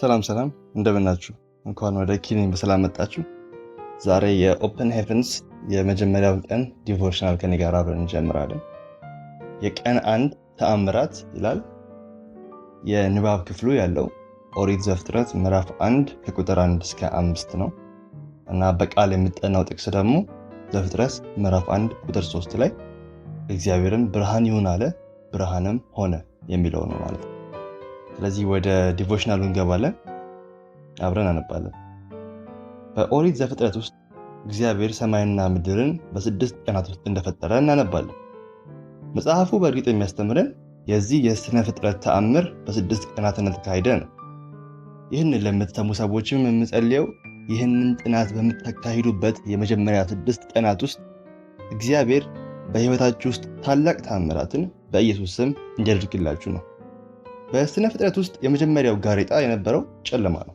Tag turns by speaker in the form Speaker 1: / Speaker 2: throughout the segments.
Speaker 1: ሰላም ሰላም እንደምናችሁ። እንኳን ወደ ኪኒን በሰላም መጣችሁ። ዛሬ የኦፕን ሄቨንስ የመጀመሪያው ቀን ዲቮሽናል ከኔ ጋር አብረን እንጀምራለን። የቀን አንድ ተአምራት ይላል የንባብ ክፍሉ ያለው ኦሪት ዘፍጥረት ምዕራፍ አንድ ከቁጥር አንድ እስከ አምስት ነው እና በቃል የሚጠናው ጥቅስ ደግሞ ዘፍጥረት ምዕራፍ አንድ ቁጥር ሶስት ላይ እግዚአብሔርም ብርሃን ይሁን አለ፣ ብርሃንም ሆነ የሚለው ነው ማለት ነው። ስለዚህ ወደ ዲቮሽናሉ እንገባለን፣ አብረን አነባለን። በኦሪት ዘፍጥረት ውስጥ እግዚአብሔር ሰማይና ምድርን በስድስት ቀናት ውስጥ እንደፈጠረ እናነባለን። መጽሐፉ በእርግጥ የሚያስተምረን የዚህ የስነ ፍጥረት ተአምር በስድስት ቀናት እንደተካሄደ ነው። ይህንን ለምትሰሙ ሰዎችም የምጸልየው ይህንን ጥናት በምታካሂዱበት የመጀመሪያ ስድስት ቀናት ውስጥ እግዚአብሔር በሕይወታችሁ ውስጥ ታላቅ ተአምራትን በኢየሱስ ስም እንዲያደርግላችሁ ነው። በስነ ፍጥረት ውስጥ የመጀመሪያው ጋሬጣ የነበረው ጨለማ ነው።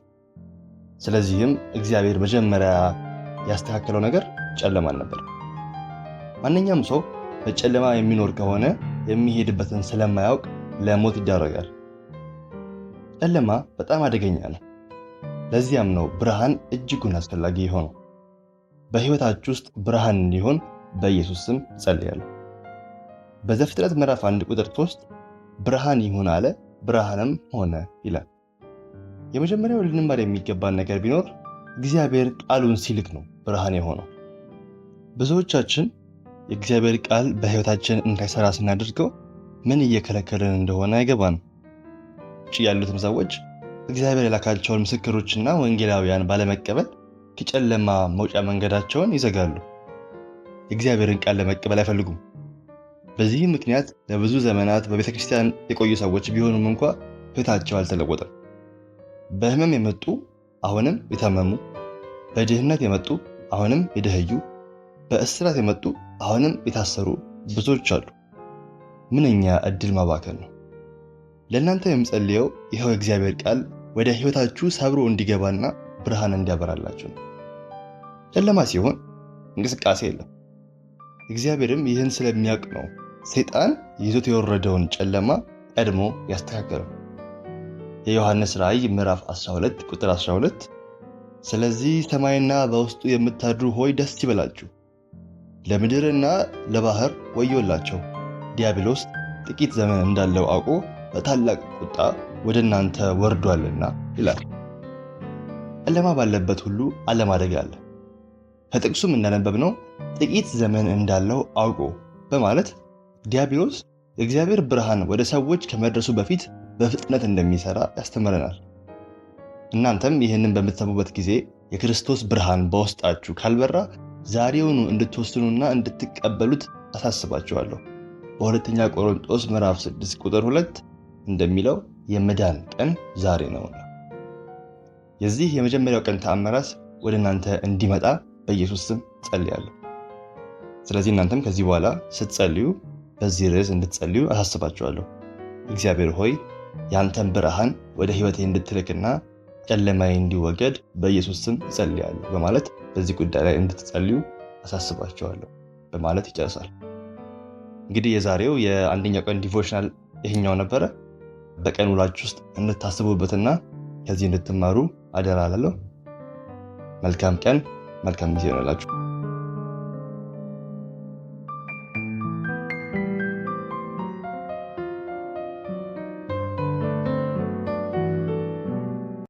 Speaker 1: ስለዚህም እግዚአብሔር መጀመሪያ ያስተካከለው ነገር ጨለማን ነበር። ማንኛውም ሰው በጨለማ የሚኖር ከሆነ የሚሄድበትን ስለማያውቅ ለሞት ይዳረጋል። ጨለማ በጣም አደገኛ ነው። ለዚያም ነው ብርሃን እጅጉን አስፈላጊ የሆነው። በሕይወታችሁ ውስጥ ብርሃን እንዲሆን በኢየሱስ ስም እጸልያለሁ። በዘፍጥረት ምዕራፍ 1 ቁጥር 3 ብርሃን ይሁን አለ፣ ብርሃንም ሆነ ይላል። የመጀመሪያው ልንማር የሚገባን ነገር ቢኖር እግዚአብሔር ቃሉን ሲልክ ነው ብርሃን የሆነው። ብዙዎቻችን የእግዚአብሔር ቃል በሕይወታችን እንዳይሰራ ስናደርገው ምን እየከለከለን እንደሆነ አይገባን። ውጭ ያሉትም ሰዎች እግዚአብሔር የላካቸውን ምስክሮችና ወንጌላውያን ባለመቀበል ከጨለማ መውጫ መንገዳቸውን ይዘጋሉ። የእግዚአብሔርን ቃል ለመቀበል አይፈልጉም። በዚህ ምክንያት ለብዙ ዘመናት በቤተ ክርስቲያን የቆዩ ሰዎች ቢሆኑም እንኳ ሕይወታቸው አልተለወጠም። በህመም የመጡ አሁንም የታመሙ፣ በድህነት የመጡ አሁንም የደህዩ በእስራት የመጡ አሁንም የታሰሩ ብዙዎች አሉ። ምንኛ እድል ማባከን ነው! ለእናንተ የምጸልየው ይኸው የእግዚአብሔር ቃል ወደ ሕይወታችሁ ሰብሮ እንዲገባና ብርሃን እንዲያበራላችሁ ነው። ጨለማ ሲሆን እንቅስቃሴ የለም። እግዚአብሔርም ይህን ስለሚያውቅ ነው ሰይጣን ይዞት የወረደውን ጨለማ ቀድሞ ያስተካከለው። የዮሐንስ ራእይ ምዕራፍ 12 ቁጥር 12 ስለዚህ ሰማይና በውስጡ የምታድሩ ሆይ ደስ ይበላችሁ፣ ለምድርና ለባህር ወዮላቸው፣ ዲያብሎስ ጥቂት ዘመን እንዳለው አውቆ በታላቅ ቁጣ ወደ እናንተ ወርዷልና ይላል። ጨለማ ባለበት ሁሉ አለማደግ አለ። ከጥቅሱም እንዳነበብነው ጥቂት ዘመን እንዳለው አውቆ በማለት ዲያብሎስ የእግዚአብሔር ብርሃን ወደ ሰዎች ከመድረሱ በፊት በፍጥነት እንደሚሰራ ያስተምረናል። እናንተም ይህንን በምትሰሙበት ጊዜ የክርስቶስ ብርሃን በውስጣችሁ ካልበራ ዛሬውኑ እንድትወስኑና እንድትቀበሉት አሳስባችኋለሁ። በሁለተኛ ቆሮንጦስ ምዕራፍ 6 ቁጥር 2 እንደሚለው የመዳን ቀን ዛሬ ነውና የዚህ የመጀመሪያው ቀን ተአምራት ወደ እናንተ እንዲመጣ በኢየሱስ ስም ጸልያለሁ። ስለዚህ እናንተም ከዚህ በኋላ ስትጸልዩ በዚህ ርዕስ እንድትጸልዩ አሳስባችኋለሁ። እግዚአብሔር ሆይ ያንተን ብርሃን ወደ ሕይወቴ እንድትልክና ጨለማዬ እንዲወገድ በኢየሱስ ስም እጸልያለሁ በማለት በዚህ ጉዳይ ላይ እንድትጸልዩ አሳስባችኋለሁ በማለት ይጨርሳል። እንግዲህ የዛሬው የአንደኛው ቀን ዲቮሽናል ይህኛው ነበረ። በቀን ውላችሁ ውስጥ እንድታስቡበትና ከዚህ እንድትማሩ አደራ እላለሁ። መልካም ቀን፣ መልካም ጊዜ ይሆንላችሁ።